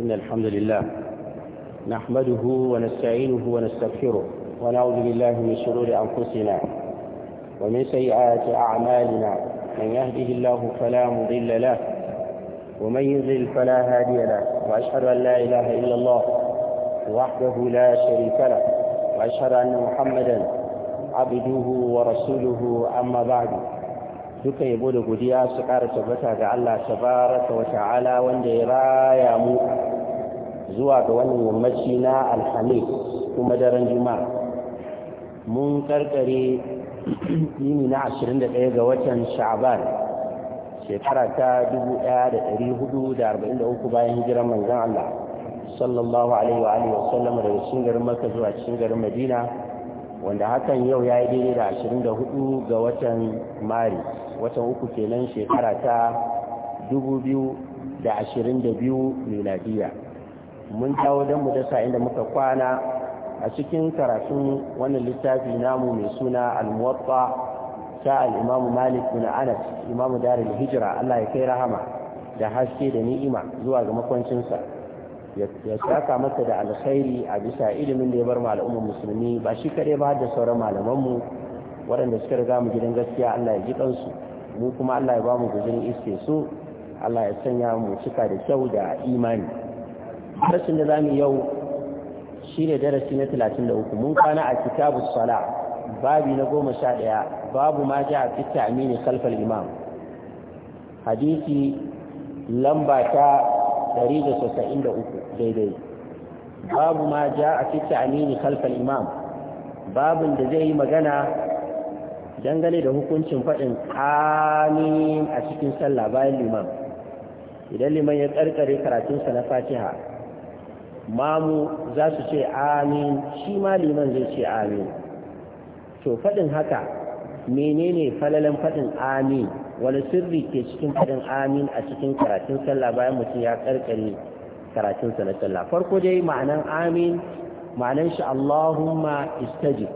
إن الحمد لله نحمده ونستعينه ونستغفره ونعوذ بالله من شرور أنفسنا ومن سيئات أعمالنا من يهده الله فلا مضل له ومن يضلل فلا هادي له وأشهد أن لا إله إلا الله وحده لا شريك له وأشهد أن محمدا عبده ورسوله أما بعد duka yabo da godiya su ƙara tabbata ga Allah tabaraka wa ta'ala wanda ya raya mu zuwa ga wannan yammaci na alhamis kuma daren juma'a mun karkare yini na 21 ga watan sha'aban shekara ta 1443 bayan hijirar manzon Allah sallallahu alaihi wa alihi wasallam daga cikin garin Makka zuwa cikin garin Madina wanda hakan yau yayi daidai da 24 ga watan Mari watan uku kenan shekara ta 2022 miladiya mun dawo don mu dasa inda muka kwana a cikin karatun wannan littafi namu mai suna al-muwatta ta al-imamu malik bin anas imamu darul hijira Allah ya kai rahama da haske da ni'ima zuwa ga makwancinsa ya saka masa da alkhairi a bisa ilimin da ya bar al'ummar musulmi ba shi kare ba da sauran mu waɗanda suka riga mu gidan gaskiya Allah ya ji kansu mu kuma Allah ya ba mu guzurin iske su Allah ya sanya mu cika da kyau da imani harshen da za mu yau shi ne darasi na talatin da uku. mun kwana a Kitabu sala babi na goma sha ɗaya, babu ma ja fi ta'mini khalf al-imam hadisi lamba ta 193 daidai babu ma ja fi ta'mini khalf al-imam babin da zai yi magana dangane da hukuncin faɗin amin a cikin sallah bayan liman idan liman ya karkare karatunsa na fatiha mamu za su ce amin shi ma liman zai ce amin to faɗin haka menene falalan faɗin amin wani sirri ke cikin faɗin amin a cikin karatun sallah bayan mutum ya karkare karatun na sallah farko dai ma'anan amin ma'anan shi Allahumma istajib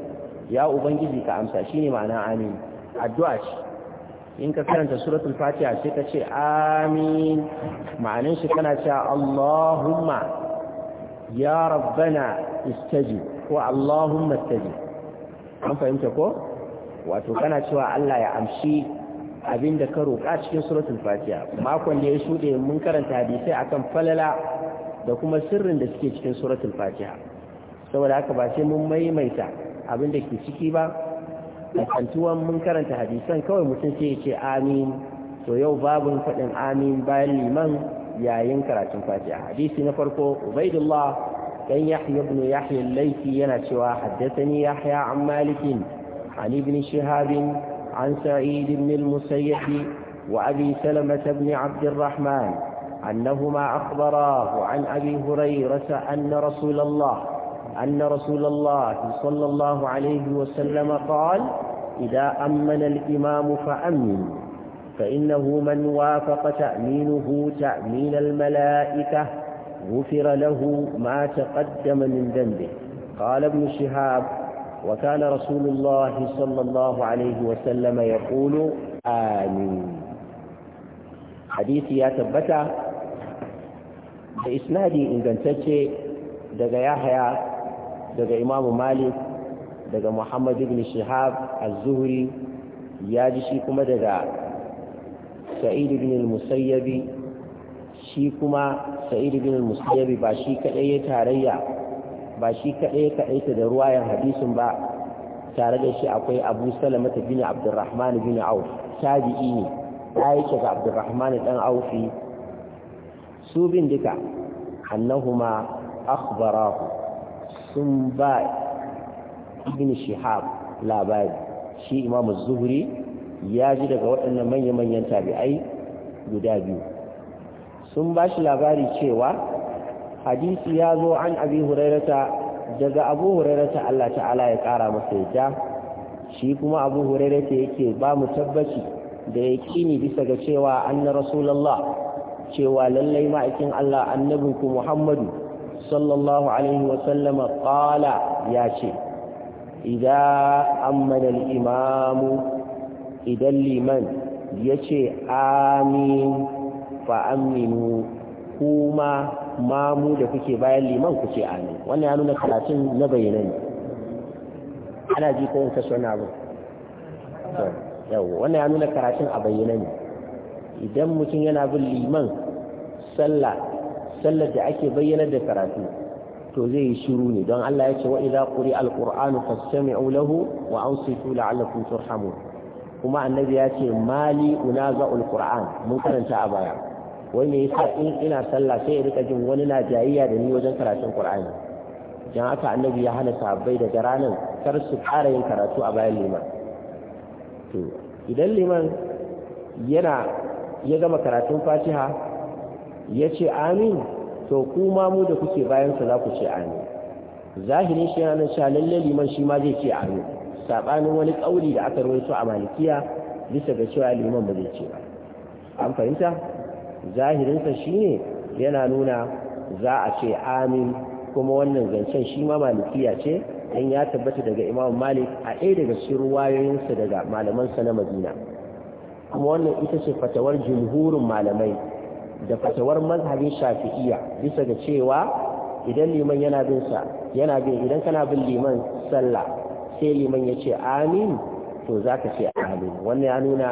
ya ubangiji ka amsa shine ma'anan amin addu'a ce in ka karanta suratul fatiha sai ka ce amin ma'anan shi kana cewa Allahumma ya rabbana istaji ko allahumma an fahimta ko wato kana cewa Allah ya amshi abin da ka roƙa cikin suratul fatiha makon da ya shuɗe mun karanta hadisai akan falala da kuma sirrin da suke cikin suratul fatiha saboda haka ba sai mun maimaita abin da ke ciki ba kantuwan mun karanta hadisan kawai mutum sai ya ce amin to yau babun faɗin amin bayan liman yayin karatun fatiha hadisi na farko Ubaydullah dan yahya ibn yahya al-laythi yana cewa haddathani yahya an malik an ibn shihab an sa'id ibn al-musayyib wa abi Salama ibn abd الرحمن أنهما أخبراه عن أبي هريرة أن anna الله أن رسول الله صلى الله عليه وسلم قال إذا أمن الإمام فأمن فإنه من وافق تأمينه تأمين الملائكة غفر له ما تقدم من ذنبه قال ابن شهاب وكان رسول الله صلى الله عليه وسلم يقول آمين حديثي يا تبتا بإسنادي إن كنتك دقى يحيى دقى إمام مالك دقى محمد بن شهاب الزهري يا كما دقى sa'id bin al-musayyib shi kuma sa'id ibn al ba shi kaɗai ya tarayya ba shi ya da ruwayen hadisin ba tare da shi akwai Abu Salama bin Abdurrahman bin Auf tabi'i ne ya yake ga Abdurrahman ɗan Aufi su bin duka annahuma akhbarahu sun ba ibn Shihab labari shi Imam zuhri ya ji daga waɗannan manya-manyan tabi'ai guda biyu sun ba shi labari cewa hadisi ya zo an abi hurairata daga abu hurairata Allah ta'ala ya ƙara masa yadda shi kuma abu hurairata yake ba mu tabbaci da ya kini bisa ga cewa anna rasulallah cewa lallai ma'aikin Allah annabinku Muhammadu sallallahu alaihi wasallama ƙala ya ce idan ammana al-imamu idan liman ya ce amin fa'aminu kuma mamu da kuke bayan liman ku ce amin wannan ya nuna karatun na bayanan ana ji ko kashe wani abu wannan ya nuna karatun a bayyana ne idan mutum yana bin liman sallah sallar da ake bayyanar da karatu to zai yi shiru ne don Allah ya ce wa idza quri al-qur'anu fastami'u lahu wa Allah la'allakum turhamun kuma annabi ya ce mali ga ulkur'an mun karanta a baya wai me yasa in ina sallah sai ya rika jin wani na jayayya da ni wajen karatun qur'ani dan haka annabi ya hana sahabbai daga ranar kar su ƙara yin karatu a bayan liman to idan liman yana ya gama karatun fatiha ya ce amin to kuma mu da kuke bayan sa za ku ce amin zahirin shi yana nan sha liman shi ma zai ce amin sabanin wani kauli da aka rawaito a malikiya bisa ga cewa liman ba zai ce ba an fahimta zahirinsa shine yana nuna za a ce amin kuma wannan zancen shi ma malikiya ce in ya tabbata daga imam malik a ɗaya daga cikin ruwayoyinsa daga malamansa na madina kuma wannan ita ce fatawar jumhurin malamai da fatawar mazhabin shafi'iyya bisa ga cewa idan liman yana bin sa yana bin idan kana bin liman sallah sai liman ya ce amin to za ka ce amin wannan ya nuna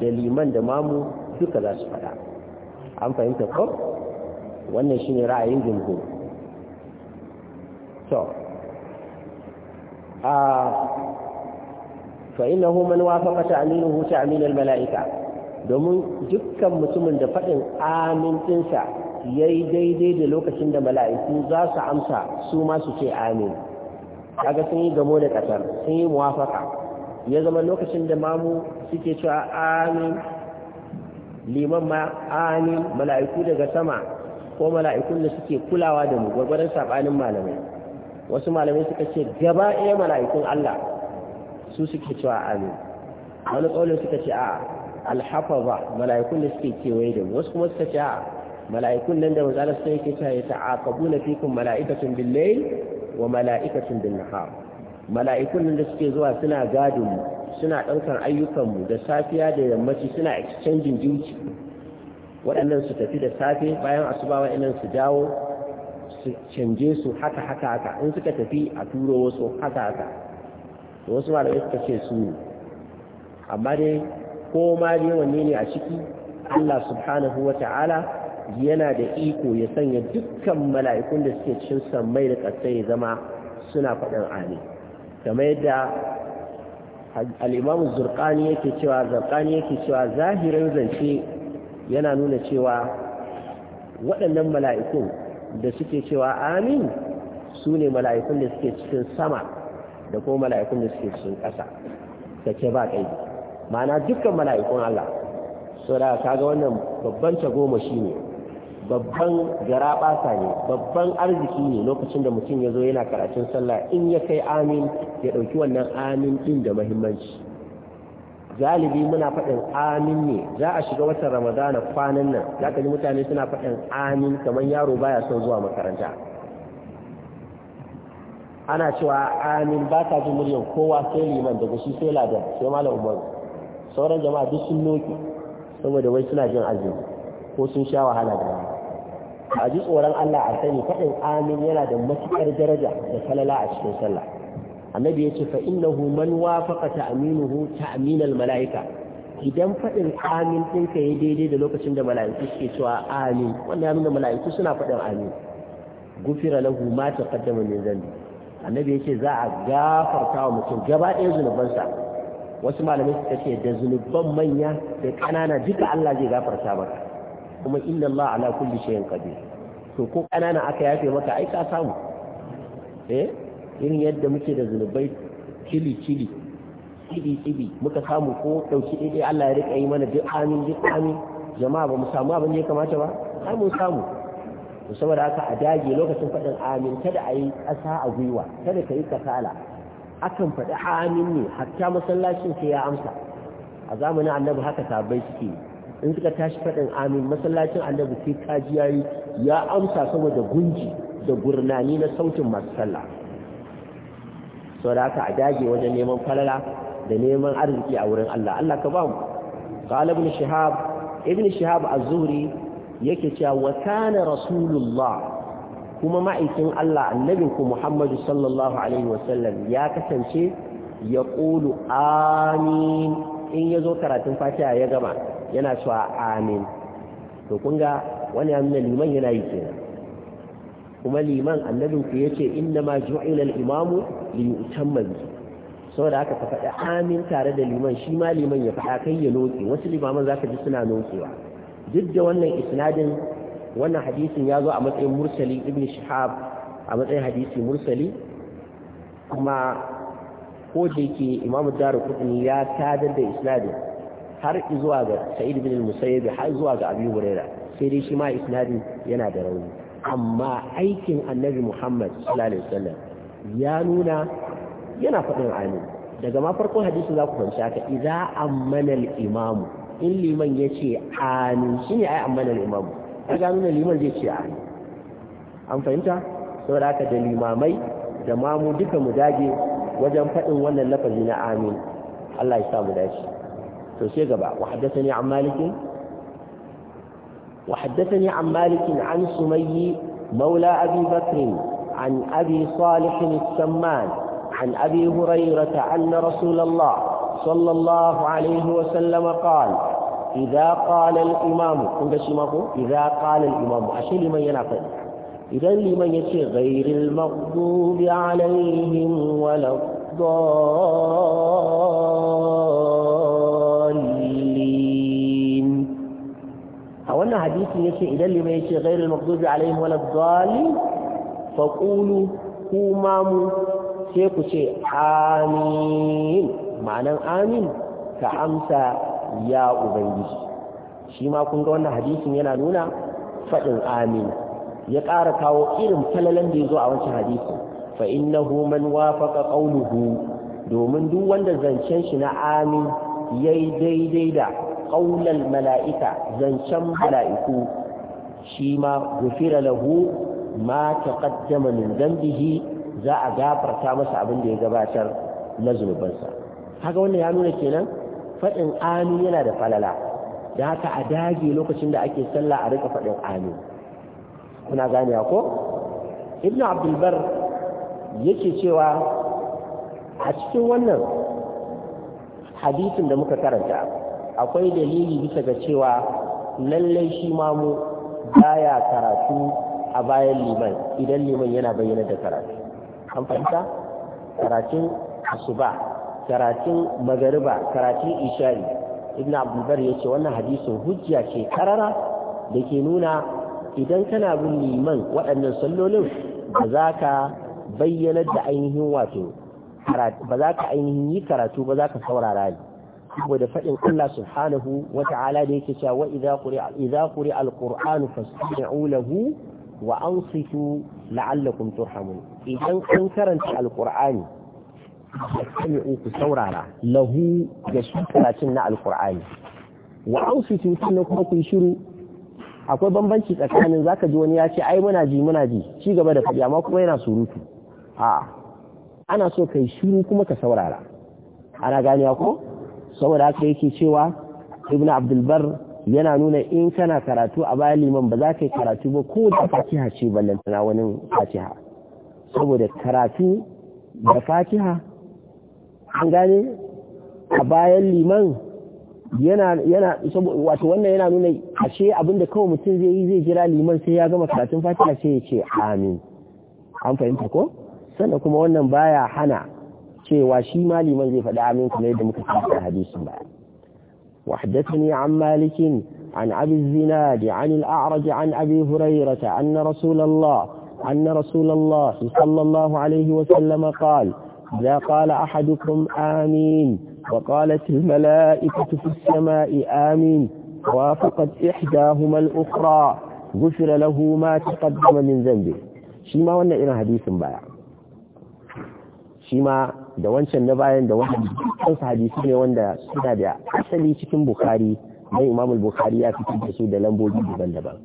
da liman da mamu duka za su faɗa an fahimta ko wannan shi ne ra'ayin jumhur to a fa innahu man wafaqa ta'minuhu ta'min al-mala'ika domin dukkan mutumin da faɗin amin ɗinsa yayi daidai da lokacin da mala'iku za su amsa su ma su ce amin kaga sun yi gamo da ƙasar sun yi muwafaka ya zama lokacin da mamu suke cewa amin liman ma amin mala'iku daga sama ko mala'ikun da suke kulawa da mu gwagwaran saɓanin malamai wasu malamai suka ce gaba ɗaya mala'ikun Allah su suke cewa amin wani tsaunin suka ce a alhafaza mala'ikun da suke kewaye da mu wasu kuma suka ce a mala'ikun nan da mazalar sai yake cewa ya ta'aqabuna fikum mala'ikatun bil-layl wa mala'ikatun bin nahar mala'ikun da suke zuwa suna gadin suna ɗaukar ayyukan mu da safiya da yammaci suna exchanging duty waɗannan su tafi da safe bayan asuba waɗannan su dawo su canje su haka haka haka in suka tafi a turo wasu haka haka wasu malamai suka ce su amma dai ko ma dai wanne ne a ciki Allah subhanahu wa ta'ala yana da iko ya sanya dukkan mala'ikun da suke cikin samai da ƙasai ya zama suna faɗin amin Kama yadda al'imamu zurƙani yake cewa zurƙani yake cewa zahirin zance yana nuna cewa waɗannan mala'ikun da suke cewa amin su ne mala'ikun da suke cikin sama da kuma mala'ikun da suke cikin ƙasa sake ba ƙai ma'ana dukkan mala'ikun Allah sau da kaga wannan babban tagomashi ne babban garaɓasa ne babban arziki ne lokacin da mutum ya zo yana karatun sallah in ya kai amin ya ɗauki wannan amin ɗin da mahimmanci galibi muna faɗin amin ne za a shiga watan ramadana kwanan nan za ka ji mutane suna faɗin amin kamar yaro baya son zuwa makaranta ana cewa amin ba ka ji muryan kowa sai liman daga shi sai ladan sai malam umar sauran jama'a duk sun noki saboda wai suna jin azumi ko sun sha wahala da rana a ji tsoron Allah a sani faɗin amin yana da matuƙar daraja da falala a cikin sallah annabi ya ce fa innahu man wafaqa ta'minuhu ta'min malaika idan faɗin amin ɗinka yi daidai da lokacin da mala'iku suke cewa amin wannan ya nuna mala'iku suna faɗin amin gufira lahu ma taqaddama min dhanbi annabi ya ce, za a gafarta wa mutum gaba ɗaya zunubansa wasu malamai suka ce da zunuban manya da ƙanana duka Allah zai gafarta maka kuma inna Allah ala kulli shay'in qadir to ko kanana aka yafe maka ai ka samu eh irin yadda muke da zunubai kili kili kili kili muka samu ko dauki dai Allah ya rika yi mana duk amin duk amin jama'a ba mu samu abin da ya kamata ba ai samu to saboda haka a dage lokacin faɗin amin kada a yi ƙasa a gwiwa kada ka yi kasala akan faɗi amin ne hatta masallacin sai ya amsa a zamanin annabi haka sabai suke yi in suka tashi faɗin amin masallacin annabi sai kaji yayi ya amsa saboda gunji da gurnani na sautin masu sallah sau a dage wajen neman falala da neman arziki a wurin Allah Allah ka ba mu qala ibn shihab ibn shihab az-zuhri yake cewa wa kana rasulullah kuma ma'aikin Allah annabin ku Muhammadu sallallahu alaihi sallam ya kasance ya qulu amin in yazo karatun fatiha ya gama yana cewa amin to kun ga wani amina liman yana yi kenan kuma liman annabin ku ya yace inna ma ju'ila al-imamu li yutamma saboda haka ka faɗi amin tare da liman shi ma liman ya faɗa kai ya loke wasu limaman zaka ji suna lokewa duk da wannan isnadin wannan hadisin ya zo a matsayin mursali ibn shihab a matsayin hadisi mursali kuma ko da yake imamu daru kudini ya sadar da isnadin har zuwa ga sa'id bin musayyib har zuwa ga abi huraira sai dai shi ma isnadin yana da rauni amma aikin annabi muhammad sallallahu alaihi wasallam ya nuna yana faɗin amin daga ma farkon hadisi za ku fahimci haka idza ammana al-imam in liman yace amin shine ai ammana al-imam kaga nuna liman zai ce amin an fahimta saboda haka da limamai da mamu duka mu dage wajen faɗin wannan lafazi na amin Allah ya sa mu dace فشي قبع وحدثني عن مالك وحدثني عن مالك عن سمي مولى أبي بكر عن أبي صالح السمان عن أبي هريرة أن رسول الله صلى الله عليه وسلم قال إذا قال الإمام عند شماكو إذا قال الإمام أشي لمن ينافذ إذا لمن يشي غير المغضوب عليهم ولا الضال wannan hadisin yake idan liman yace ghairul maghdubi alaihim fa qulu kuma mu sai ku ce amin ma'anan amin ka amsa ya ubangiji shi ma kun ga wannan hadisin yana nuna faɗin amin ya ƙara kawo irin falalan da ya zo a wancan hadisin fa innahu man wafaqa qawluhu domin duk wanda zancen shi na amin yayi daidai da qaulal mala'ika zancan mala'iku shi ma gufira lahu ma taqaddama min dambihi za a gafarta masa abin da ya gabatar na zunubansa haka wannan ya nuna kenan faɗin amin yana da falala da haka a dage lokacin da ake sallah a rika faɗin amin kuna gane ko ibnu abdulbar yake cewa a cikin wannan hadisin da muka karanta akwai dalili bisa ga cewa lallai shi mamu baya karatu a bayan liman idan liman yana bayyana da karatu an fahimta karatun asuba karatun magariba karatun ishari, ibn abdulbar ya ce wannan hadisin hujja ce karara da ke nuna idan kana bin liman waɗannan sallolin ba za ka bayyana da ainihin wato ba za ka ainihin yi karatu ba za ka saurara ne saboda faɗin Allah subhanahu wa ta'ala da yake cewa wa idza quri'a idza quri'a alqur'anu lahu wa ansitu la'allakum turhamun idan kun karanta alqur'ani fastami'u ku saurara lahu da shi na alqur'ani wa ansitu sannan kuma ku shiru akwai bambanci tsakanin zaka ji wani ya ce ai muna ji muna ji ci gaba da faɗi amma kuma yana surutu a ana so kai shiru kuma ka saurara ana ganiya ko saboda haka yake cewa ibn abdulbar yana nuna in kana karatu a bayan liman ba za ka yi karatu ba ko da fatiha ce tana wani fatiha saboda karatu da fatiha an gane a bayan liman yana yana wato wannan yana nuna ashe abinda kawai mutum zai yi zai jira liman sai ya gama karatun fatiha sai ya ce amin an fahimta ko sannan kuma wannan baya hana cewa shi maliman zai faɗi amin kuma yadda muka kanta hadisin baya وحدثني عن مالك عن أبي الزناد عن الأعرج عن أبي هريرة أن رسول الله أن رسول الله صلى الله عليه وسلم قال إذا قال أحدكم آمين وقالت الملائكة في السماء آمين وافقت إحداهما الأخرى غفر له ما تقدم من ذنبه شيما وانا إنا حديث بايع شيما da wancan na bayan da wannan kansu hadisi ne wanda suna da asali cikin Bukhari, dan imam Bukhari ya fitar da su da lambobi daban-daban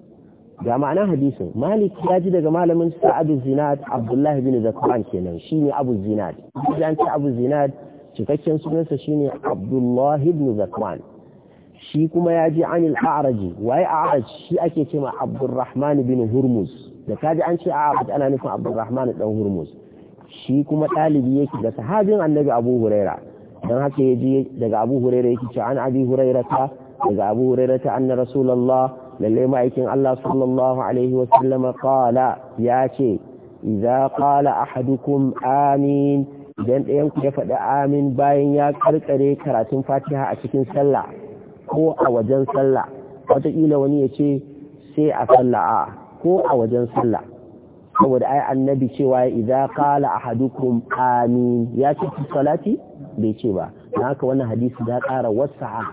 ga ma'anar hadisin malik ya ji daga malamin sa'ad zinad abdullahi bin zakwan kenan shine abu zinad idan ta abu zinad cikakken sunansa shine abdullahi bin zakwan shi kuma ya ji anil a'raji waye a'raj shi ake cewa abdurrahman bin hurmuz da kaji an ce a'raj ana nufin abdurrahman dan hurmuz shi kuma ɗalibi yake da sahabin annabi abu huraira don haka ya ji daga abu huraira yake ce an abi huraira daga abu huraira ta anna rasulallah lalle ma'aikin allah sallallahu alaihi wa sallam qala ya ce idza qala ahadukum amin idan ɗayan ku ya faɗi amin bayan ya karkare karatun fatiha a cikin sallah ko a wajen sallah wataƙila wani ya ce sai a sallah ko a wajen sallah saboda ai annabi cewa idza qala ahadukum amin ya ce salati bai ce ba na haka wannan hadisi da ƙara wasa'a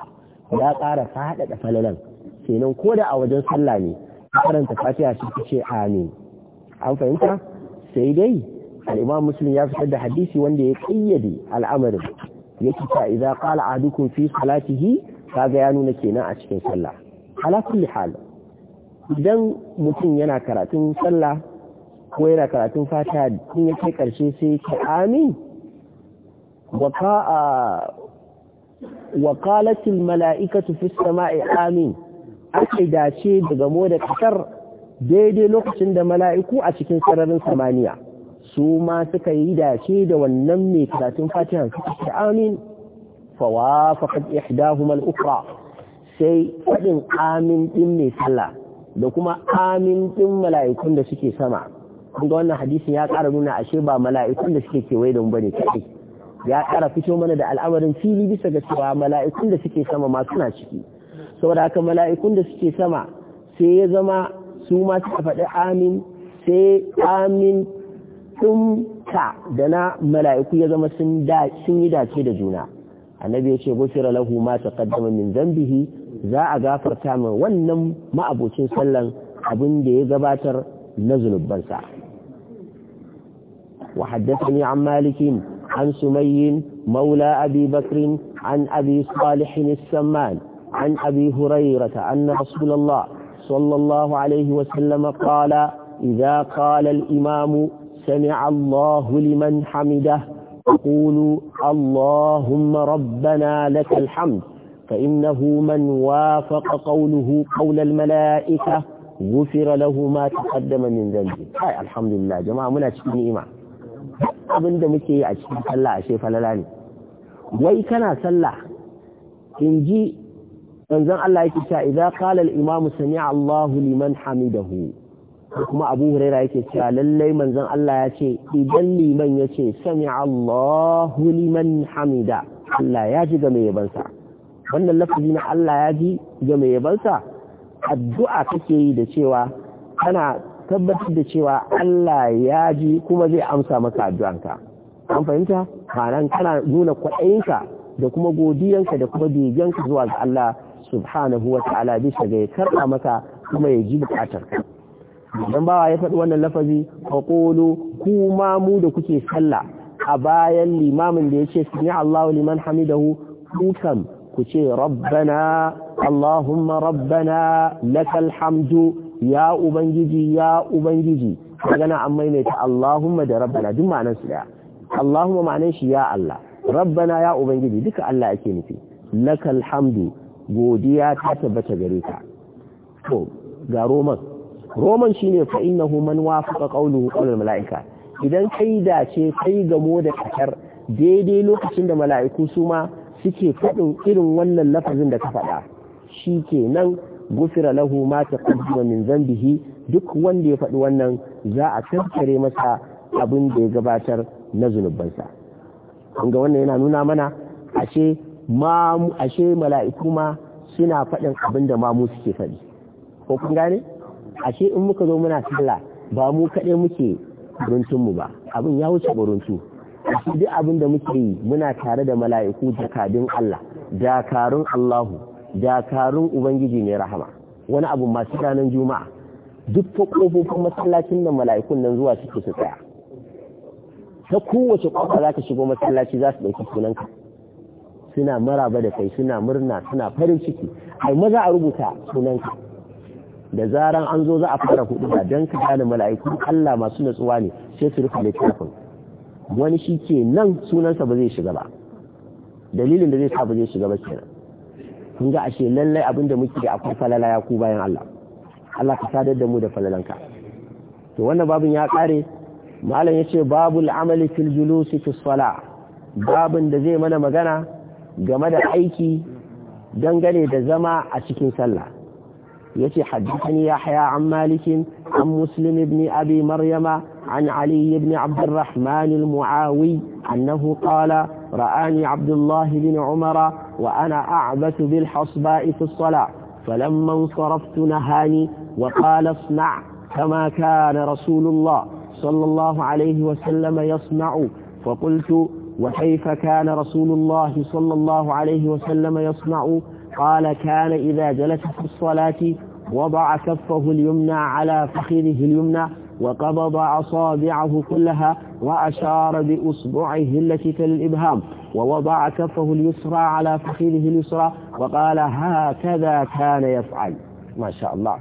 ya ƙara da falalan kenan ko da a wajen sallah ne karanta fatiha shi ce amin an fahimta sai dai al-imam muslim ya fitar da hadisi wanda ya ƙayyade al'amarin yake ta idza qala ahadukum fi salatihi kaga ya nuna kenan a cikin sallah ala kulli hal idan mutum yana karatun sallah ko yana karatun fata in ya kai karshe sai ka amin wakalatul mala'ikatu fi sama'i amin ake dace daga moda da kasar daidai lokacin da mala'iku a cikin sararin samaniya su ma suka yi dace da wannan mai karatun fatihan suka ce amin fawafaqat ihdahuma al-ukhra sai faɗin amin ɗin mai sallah da kuma amin ɗin mala'ikun da suke sama kun ga wannan hadisin ya ƙara nuna ashe ba mala'ikun da suke kewaye da mu bane kai ya ƙara fito mana da al'amarin fili bisa ga cewa mala'ikun da suke sama ma suna ciki saboda haka mala'ikun da suke sama sai ya zama su ma suka faɗi amin sai amin ta da na mala'iku ya zama sun yi dace da juna annabi ya ce gusira lahu ma kaddama min zambihi za a gafarta min wannan ma'abocin sallan abin da ya gabatar na zunubansa وحدثني عن مالك عن سمي مولى أبي بكر عن أبي صالح السمان عن أبي هريرة أن رسول الله صلى الله عليه وسلم قال إذا قال الإمام سمع الله لمن حمده يقول اللهم ربنا لك الحمد فإنه من وافق قوله قول الملائكة غفر له ما تقدم من ذنبه الحمد لله جماعة منا تشكيني إمام abin da muke yi a cikin sallah ashe falala ne wai kana sallah in ji ɗanzan Allah yake cewa idan kalar imamu sami'a Allahu liman hamidahu kuma Abu Huraira yake cewa lallai manzon Allah ya ce idan liman ya ce sami'a Allahu liman hamida Allah ya ji game yabansa wannan lafazi na Allah ya ji game yabansa addu'a kake yi da cewa kana tabbatar da cewa Allah ya ji kuma zai amsa maka addu'anka an fahimta hanan kana nuna kwaɗayinka da kuma godiyanka da kuma begenka zuwa ga Allah subhanahu wa ta'ala bisa ga ya karɓa maka kuma ya ji buƙatarka dan bawa ya faɗi wannan lafazi fa qulu kuma mu da kuke sallah a bayan limamin da yace sami Allahu liman hamidahu kukan ku ce rabbana allahumma rabbana lakal hamdu ya ubangiji ya ubangiji magana an maimaita Allahumma da rabbana duk ma'anar su daya Allahumma ma'anar shi ya Allah rabbana ya ubangiji duka Allah yake nufi lakal hamdu godiya ta tabbata gare ka to ga roman roman shine fa innahu man wafaqa qawluhu qawlul malaika idan kai ce kai gamo da kakar daidai lokacin da mala'iku su ma suke faɗin irin wannan lafazin da ka faɗa shi kenan gufira lahu ma taqaddama min zambihi duk wanda ya faɗi wannan za a kankare masa abin da ya gabatar na zunubansa kun ga wannan yana nuna mana ashe ma ashe mala'iku ma suna faɗin abin da ma mu suke faɗi ko kun gane ashe in muka zo muna sallah ba mu kaɗai muke buruntun mu ba abin ya wuce buruntu duk abin da muke yi muna tare da mala'iku jakadin Allah dakarun Allahu dakarun ubangiji mai rahama wani abu masu ranar juma'a duk ta ƙofofin masallacin nan mala'ikun nan zuwa suke su tsaya ta kowace kwakwa za ka shigo masallaci za su ɗauki sunanka suna maraba da kai suna murna suna farin ciki ai maza a rubuta sunanka da zaran an zo za a fara hudu ba don ka gane mala'iku Allah masu natsuwa ne sai su rufe littafin wani shi ke nan sunansa ba zai shiga ba dalilin da zai sa ba zai shiga ba kenan kun ga ashe lallai abin da muke akwai falala ya ku bayan Allah Allah ka sadar da mu da falalanka to wannan babin ya kare malam yace babul amali fil julusi fi sala babin da zai mana magana game da aiki dangane da zama a cikin sallah يتي حدثني يحيى عن مالك عن مسلم بن أبي مريم عن علي بن عبد الرحمن المعاوي أنه قال رآني عبد الله بن عمر وأنا أعبث بالحصباء في الصلاة فلما انصرفت نهاني وقال اصنع كما كان رسول الله صلى الله عليه وسلم يصنع فقلت وكيف كان رسول الله صلى الله عليه وسلم يصنع قال كان إذا جلس في الصلاة وضع كفه اليمنى على فخذه اليمنى وقبض أصابعه كلها وأشار بأصبعه التي في الإبهام ووضع كفه اليسرى على فخذه اليسرى وقال هكذا كان يفعل ما شاء الله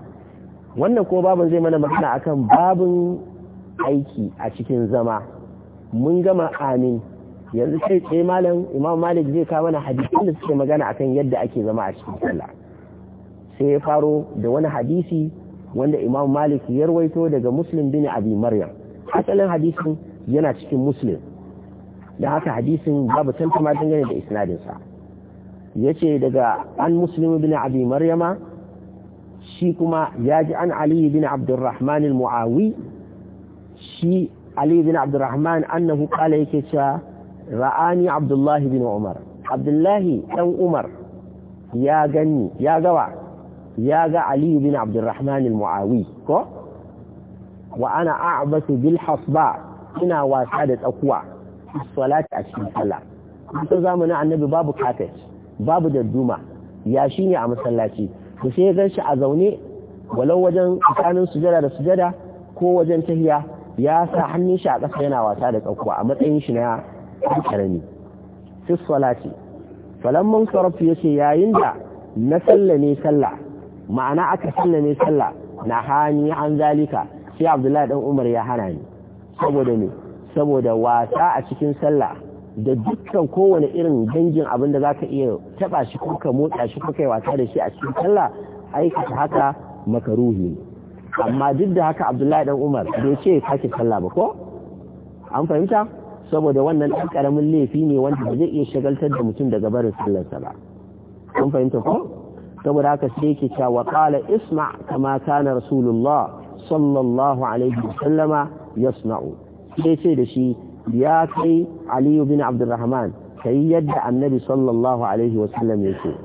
ونكو بابا زي ما نمحنا magana akan أيكي أشكين زمع من جمع آمين yanzu sai sai malam imam malik zai kawo mana hadisin da suke magana akan yadda ake zama a cikin sallah sai ya faro da wani hadisi wanda imam malik ya rawaito daga muslim bin abi maryam asalin hadisin yana cikin muslim da haka hadisin babu tantama dangane da isnadinsa ya ce daga an muslim bin abi maryama shi kuma ya ji an ali bin abdurrahman al-mu'awi shi ali bin abdurrahman annahu qala yake cewa ra'ani abdullahi bin umar abdullahi Dan umar ya gani ya gawa ya ga aliyu bin abdurrahman al-mu'awi ko wa ana a'basu bil hasba ina wasa da tsakuwa salati a cikin sallah zamanin annabi babu kafet babu dadduma ya shine a masallaci to sai ya ganshi a zaune walau wajen tsakanin sujada da sujada ko wajen tahiya ya sa hannun shi a ƙasa yana wasa da tsakuwa a matsayin shi na karami fi salati falamman sarafu yace yayin da na sallame sallah ma'ana aka sallame salla na hani an zalika sai abdullahi dan umar ya hana ni saboda ne saboda wasa a cikin salla da dukkan kowane irin dangin abin da zaka iya taba shi ko ka motsa shi ko kai wasa da shi a cikin sallah aikata haka makaruhi ne amma duk da haka abdullahi dan umar bai ce kake sallah ba ko an fahimta saboda wannan ɗan ƙaramin laifi ne wanda ba zai iya shagaltar da mutum daga barin sallarsa ba kun fahimta ko saboda haka sai yake cewa qala isma kama kana rasulullah sallallahu alaihi wasallama yasna'u sai ce da shi ya kai ali bin abdurrahman kai yadda annabi sallallahu alaihi wasallam yake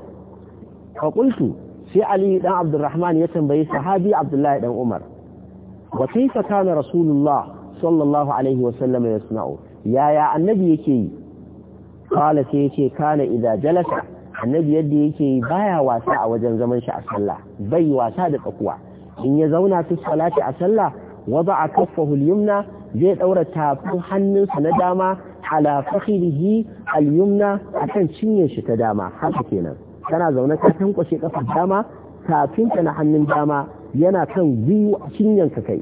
fa qultu sai ali dan abdurrahman ya tambayi sahabi abdullahi dan umar wa kaifa kana rasulullah sallallahu alaihi wasallam yasna'u yaya annabi yake yi kala sai yake kana idza jalasa annabi yadda yake yi baya wasa a wajen zaman shi a sallah bai wasa da tsakuwa in ya zauna fi salati a sallah wada kaffahu al-yumna zai daura tafin hannunsa na dama ala fakhrihi al-yumna akan cinyar shi ta dama haka kenan kana zaune ka tankwashe kafar dama tafinka na hannun dama yana kan gwiwa cinyanka kai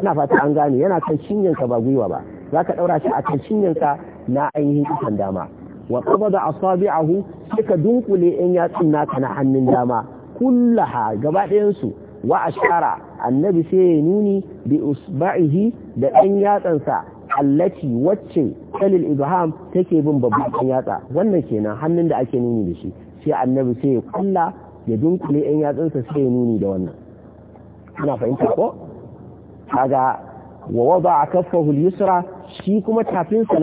ina fata an gane yana kan cinyanka ba gwiwa ba za ka ɗaura shi a kan shinyansa na ainihin ƙasan dama wa da asabi'ahu sai ka dunkule in yatsun naka na hannun dama kullaha gaba ɗayansu wa shara annabi sai ya nuni bi usba'ihi da ɗan yatsansa Allaki wacce kalil ibham take bin babban ɗan yatsa wannan kenan hannun da ake nuni da shi sai annabi sai ya kulla ya dunkule ɗan yatsansa sai ya nuni da wannan ina fahimta ko kaga wa wada kaffahu al-yusra shi kuma tafinsa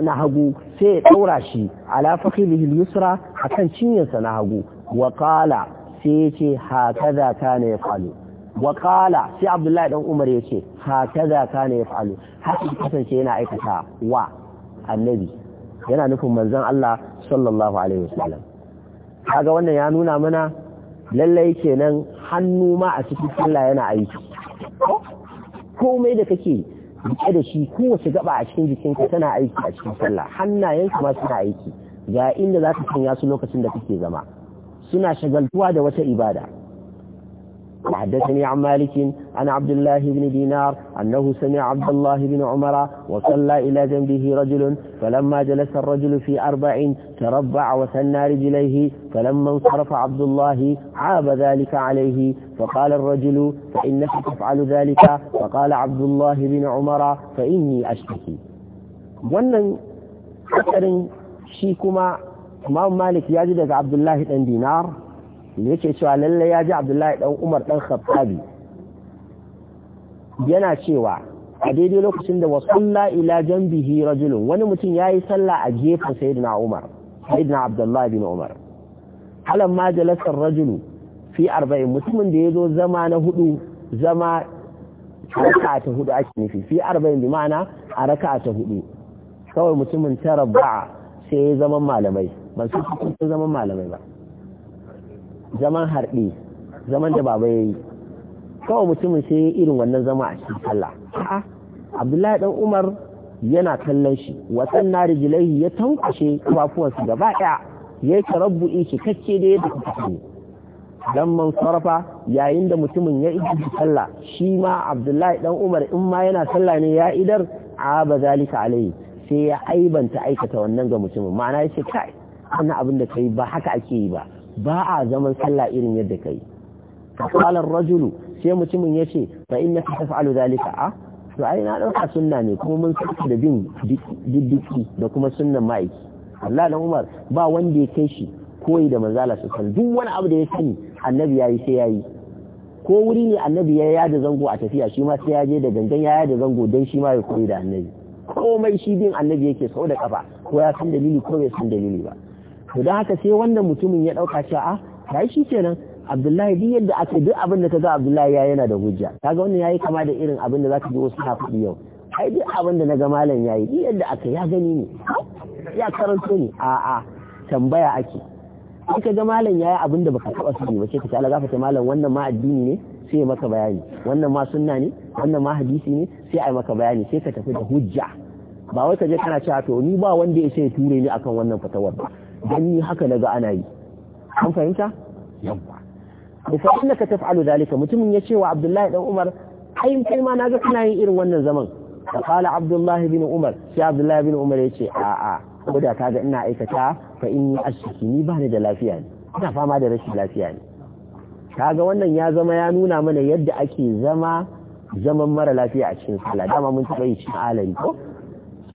na hagu sai ya ɗaura shi ala fakhidihil yusra akan cinyarsa na hagu wa qala sai ya ce ta kana ya wa qala sai abdullahi dan umar ya ce ne ya yafalu haka kasance yana aikata wa annabi yana nufin manzon Allah sallallahu alaihi wasallam kaga wannan ya nuna mana lallai kenan hannu ma a cikin sallah yana aiki komai da kake rike da shi kowace gaba a cikin jikinka tana aiki a cikin sallah hannayenka ma suna aiki ga inda za ka sanya su lokacin da kake zama suna shagaltuwa da wata ibada وحدثني عن مالك عن عبد الله بن دينار أنه سمع عبد الله بن عمر وصلى إلى جنبه رجل فلما جلس الرجل في أربع تربع وثنى رجليه فلما انصرف عبد الله عاب ذلك عليه فقال الرجل فإنك تفعل ذلك فقال عبد الله بن عمر فإني أشتكي wannan akarin shi kuma imam malik ya ji daga abdullahi dan dinar da yake cewa lallai ya ji abdullahi ɗan umar ɗan khattabi yana cewa a daidai lokacin da wasulla ila jan janbihi rajulun wani mutum ya yi sallah a gefen sayyidina umar sayyidina abdullahi bin umar halan ma jalasa rajulu fi arba'in mutumin da ya zo zama na hudu zama raka'a ta hudu ake nufi fi arba'in bi ma'ana a raka'a ta hudu kawai mutumin tara rabba'a sai ya zama malamai ban san hukuncin zaman malamai ba zaman harɗe zaman da baba ya yi kawai mutumin sai ya irin wannan zama a cikin Allah a'a abdullahi dan umar yana kallon shi wasan na rijilai ya tankwashe kafafuwansu gaba ɗaya ya yi tarabbu'i kacce da yadda kuka sani dan man sarrafa yayin da mutumin ya idar sallah shi ma abdullahi ɗan umar in ma yana sallah ne ya idar a ba zalika alaihi sai ya aibanta aikata wannan ga mutumin ma'ana ya ce kai wannan abin da kai ba haka ake yi ba ba a zaman sallah irin yadda kai fa rajulu sai mutumin yace fa ka taf'alu zalika a to ai na dauka sunna ne kuma mun saki da bin diddiki da kuma sunnan ma'aiki Allah dan Umar ba wanda ya kai shi koyi da manzala su san duk wani abu da ya sani annabi yayi sai yayi ko wuri ne annabi ya yada zango a tafiya shi ma sai ya je da gangan ya yada zango dan shi ma ya koyi da annabi komai shi bin annabi yake sau da kafa ko ya san dalili ko bai san dalili ba to da haka sai wanda mutumin ya ɗauka cewa ah, a rai shi kenan abdullahi duk yadda ake duk abin da kaga abdullahi ya yana da hujja kaga wannan yayi kama da irin abin da zaka ji wasu na faɗi yau ai duk abin da naga malam yayi duk yadda aka ya gani ne ya karanto ne a a tambaya ake in kaga malam yayi abin da baka taba sani ba sai ka ce Allah gafarta malam wannan ma addini ne sai maka bayani wannan ma sunna ne wannan ma hadisi ne sai ai maka bayani sai ka tafi da hujja ba wai ka je kana cewa to ni ba wanda ya ce ture ni akan wannan fatawar ba dan haka na ga ana yi an fahimta yawa da ka innaka taf'alu zalika mutumin ya ce wa Abdullahi dan Umar ayin kai ma naga kana yin irin wannan zaman da Abdullahi bin Umar shi Abdullahi bin Umar ya ce a a ko da kaga ina aikata fa yi ashiki ni ba ni da lafiya ne ina fama da rashin lafiya ne kaga wannan ya zama ya nuna mana yadda ake zama zaman mara lafiya a cikin sallah dama mun taɓa yi cikin alali ko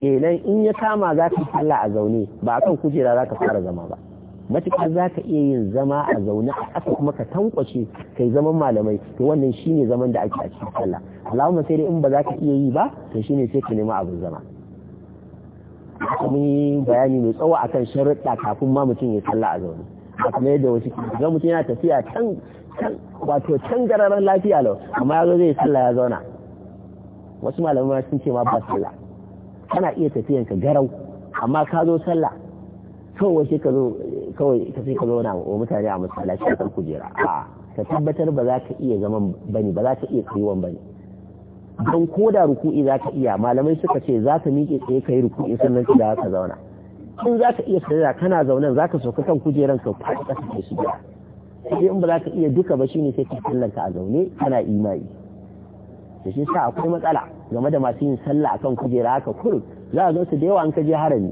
kenan in ya kama za ka sallah a zaune ba kan kujera za ka fara zama ba matuƙar za ka iya yin zama a zaune a ƙasa kuma ka tankwace kai zaman malamai to wannan shine zaman da ake a cikin sallah alamun sai dai in ba za ka iya yi ba to shine sai ka nema abin zama mun yi bayani mai tsawo a kan sharuɗa kafin ma mutum ya sallah a zaune a kuma yadda wasu ga mutum yana tafiya can can wato can gararan lafiya lau amma ya zo zai sallah ya zauna wasu malamai sun ce ma ba sallah kana iya tafiyan ka garau amma ka zo sallah kawai sai ka zo kawai ka sai ka zo na wa mutane a masallaci ka kujera a ka tabbatar ba za ka iya zaman bane ba za ka iya tsayuwan bane don ko da ruku'i za ka iya malamai suka ce za ka miƙe tsaye ka yi ruku'i sannan ka za ka zauna in za ka iya sajada kana zaunen za ka sauka kan kujeran ka faɗi ƙasa ke su biya sai in ba za ka iya duka ba shine sai ka sallanka a zaune kana imani da shi sa akwai matsala game da masu yin sallah akan kujera haka kurus za a gansu da yawa an kaje harami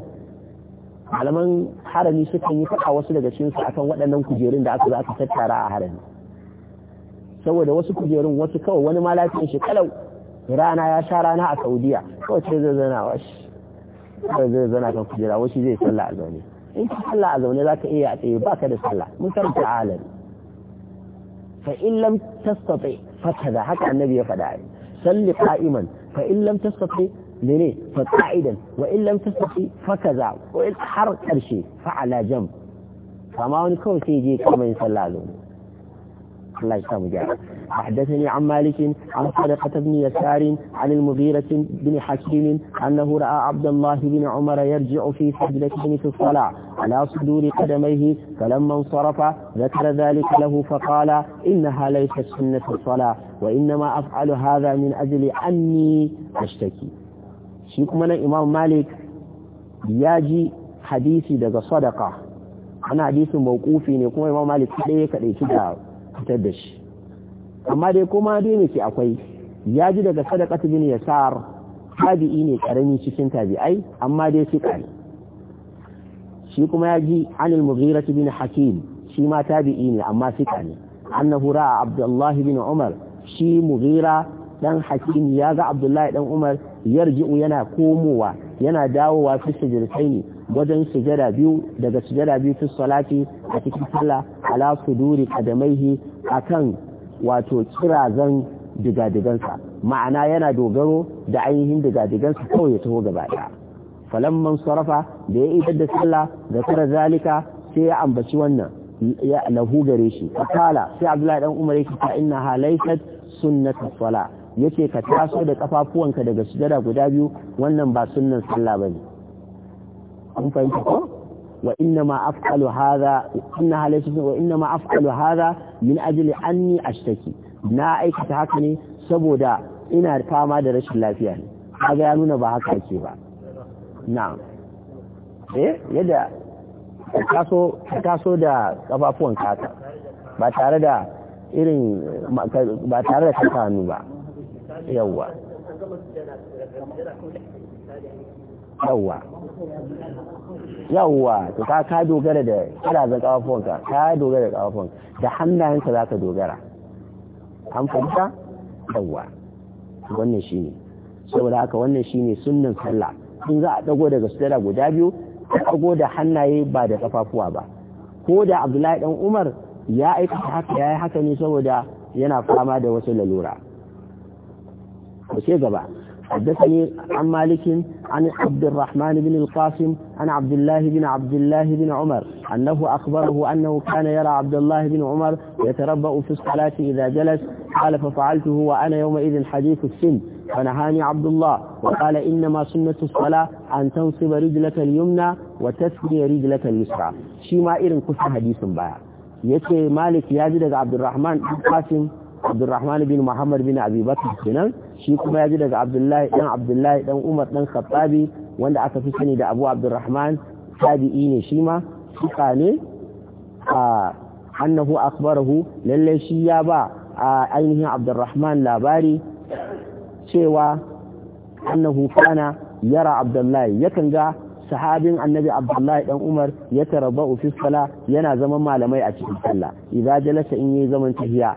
malaman harami sukan yi faɗa wasu daga cikin su akan waɗannan kujerun da aka zo aka tattara a harami saboda wasu kujerun wasu kawai wani ma lafiyan shi kalau rana ya sha rana a saudiya kawai sai zai zana washi kawai zai zana kan kujera washi zai sallah a zaune in ka sallah a zaune za ka iya a tsaye ba ka da sallah mun karanta a halari fa in lam tastati fakaza haka annabi ya faɗa salli qa'iman fa in lam tastati mene fa qa'idan wa in lam tastati fa kaza in har karshe fa ala jam amma wani kawai sai je kamar sallah zo الله يسامو جاري أحدثني عن مالك عن صدقة بن يسار عن المغيرة بن حكيم أنه رأى عبد الله بن عمر يرجع في سجدته في الصلاة على صدور قدميه فلما انصرف ذكر ذلك له فقال إنها ليست سنة الصلاة وإنما أفعل هذا من أجل أني أشتكي شيكمنا إمام مالك ياجي hadisi daga sadaka ana hadisin mawqufi ne kuma Imam Malik kadai ya kadai da fitar da shi amma dai kuma dai ne ke akwai ya ji daga sadaqat bin yasar tabi'i ne karami cikin tabi'ai amma dai shi kare shi kuma ya ji anil mughira bin hakim shi ma tabi'i ne amma sika ne annahu ra'a abdullah bin umar shi mughira dan hakim ya ga abdullah dan umar yarji'u yana komowa yana dawowa fi ne wajen sujada biyu daga sujada biyu fi salati a cikin sallah ala suduri kadamaihi akan wato kirazan digadigansa ma'ana yana dogaro da ainihin digadigansa kawai ya taho gaba daya falamman sarafa da ya idar da sallah da tara zalika sai ya ambaci wannan ya lahu gare shi kala sai abdullahi dan umar yake ta inna halaysat sunnat sala yace ka taso da kafafuwanka daga sujada guda biyu wannan ba sunnan sallah bane an fahimta ko wa inna ma afqalu hadha inna halaysa wa inna ma afqalu hadha min ajli anni ashtaki na aikata haka ne saboda ina fama da rashin lafiya ne kaga ya nuna ba haka ake ba na'am eh yadda kaso kaso da kafafuwan kaka ba tare da irin ba tare da kaka hannu ba yawwa yawwa yawwa to ka ka dogara da kirazan kafafunka ka dogara da kafafunka da hannayenka za ka dogara an fahimta yawwa wannan shi ne saboda haka wannan shi ne sunnan sallah in za a dago daga sura guda biyu a dago da hannaye ba da kafafuwa ba ko da abdullahi dan umar ya aika haka yayi yi haka ne saboda yana fama da wasu lalura ko sai gaba حدثني عن مالك عن عبد الرحمن بن القاسم عن عبد الله بن عبد الله بن عمر أنه أخبره أنه كان يرى عبد الله بن عمر يتربأ في الصلاة إذا جلس قال ففعلته وأنا يومئذ حديث السن فنهاني عبد الله وقال إنما سنة الصلاة أن تنصب رجلك اليمنى وتسقي رجلك اليسرى شيما إرن كفر حديث بايع يتي مالك يجد عبد الرحمن بن قاسم عبد الرحمن بن محمد بن أبي بكر سنان shi kuma ya ji daga abdullahi dan abdullahi ɗan umar ɗan khattabi wanda aka fi sani da abu abdurrahman tabi'i ne shi ma suka ne a annahu akbarahu lalle shi ya ba a ainihin abdurrahman labari cewa annahu kana yara abdullahi yakan ga sahabin annabi abdullahi dan umar ya tarabba fi yana zaman malamai a cikin sallah idza jalasa in yi zaman tahiya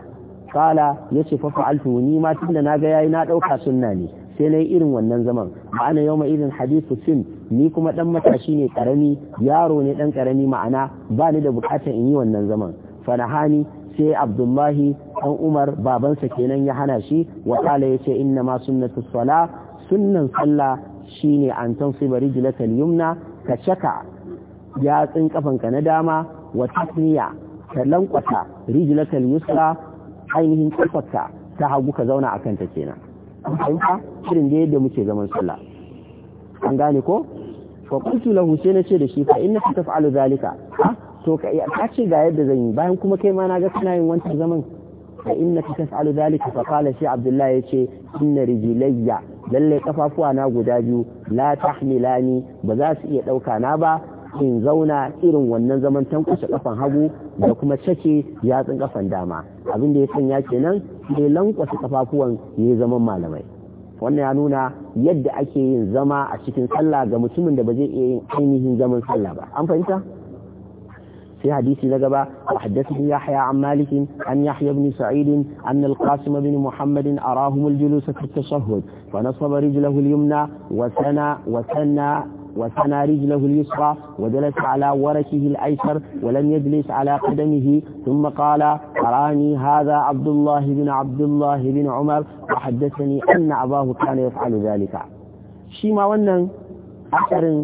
kala ya ce fa fa'altu ni ma tunda na ga yayi na ɗauka sunna ne sai nayi irin wannan zaman ma'ana yawma irin hadithu sin ni kuma ɗan matashi ne karami yaro ne ɗan karami ma'ana ba ni da buƙatar in yi wannan zaman Fanahani sai abdullahi ɗan umar babansa kenan ya hana shi wa kala ya ce inna ma sunnatu sala sunnan sallah shine an tansiba rijlakal yumna ka shaka yatsin kafanka na dama wa tasniya ka lankwata rijlakal yusra ainihin kafarta ta hagu ka zauna a kanta kenan an fahimta irin da yadda muke zaman sallah an gane ko fa qultu lahu sai nace da shi fa ka taf'alu zalika to ka ce ga yadda zan yi bayan kuma kai ma na ga kana yin wancan zaman fa ka taf'alu zalika fa qala shi abdullahi yace inna rijlayya lalle kafafuwa na guda biyu la tahmilani ba za su iya dauka na ba in zauna irin wannan zaman tankwashe kafan hagu da kuma cake yatsun kafan dama abin da ya sanya kenan sai lankwasa kafafuwan ya zaman malamai wannan ya nuna yadda ake yin zama a cikin sallah ga mutumin da ba zai iya yin ainihin zaman sallah ba an fahimta في حديث لقبا وحدثني يحيى عن مالك عن يحيى بن سعيد أن القاسم بن محمد أراهم الجلوس في التشهد فنصب رجله اليمنى وثنى وثنى وثنى رجله اليسرى وجلس على ورشه الأيسر ولم يجلس على قدمه ثم قال أراني هذا عبد الله بن عبد الله بن عمر وحدثني أن أباه كان يفعل ذلك شيما ونن أثر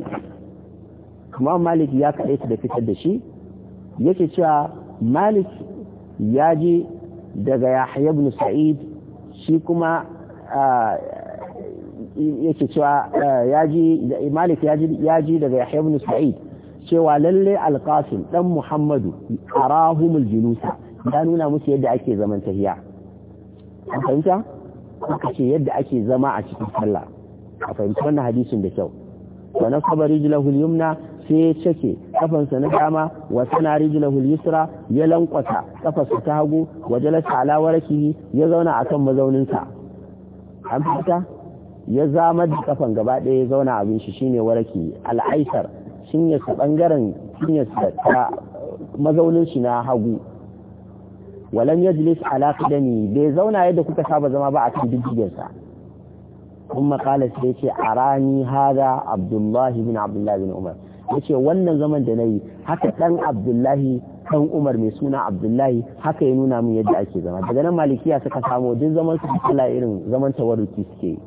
كما مالك يا كأيت بفتر دشي yake cewa malik ya ji daga yahya ibn sa'id shi kuma yake cewa eh, yaji malik ji daga yahya ibn sa'id cewa lalle alqasim ɗan muhammadu arahumul julusa ya nuna musu yadda ake zaman tahiya an fahimta aka ce yadda ake zama a cikin sallah a fahimci wannan hadisin da kyau wa nasaba rijlahu al sai ya cake kafansa na dama wa sana rijlahu al ya lankwata kafarsa ta hagu wa jalasa ala warakihi ya zauna akan mazauninsa an fahimta ya zama da kafan gaba ɗaya ya zauna abin shi shine warake al'aisar su ɓangaren su ta mazaunin shi na hagu walam yajlis ala qadami bai zauna yadda kuka saba zama ba a cikin diddigensa kuma qala sai yace arani hada abdullah ibn abdullah ibn umar yace wannan zaman da nayi haka dan abdullahi dan umar mai suna abdullahi haka ya nuna min yadda ake zama daga nan malikiya suka samu duk zaman su kala irin zaman tawarruki suke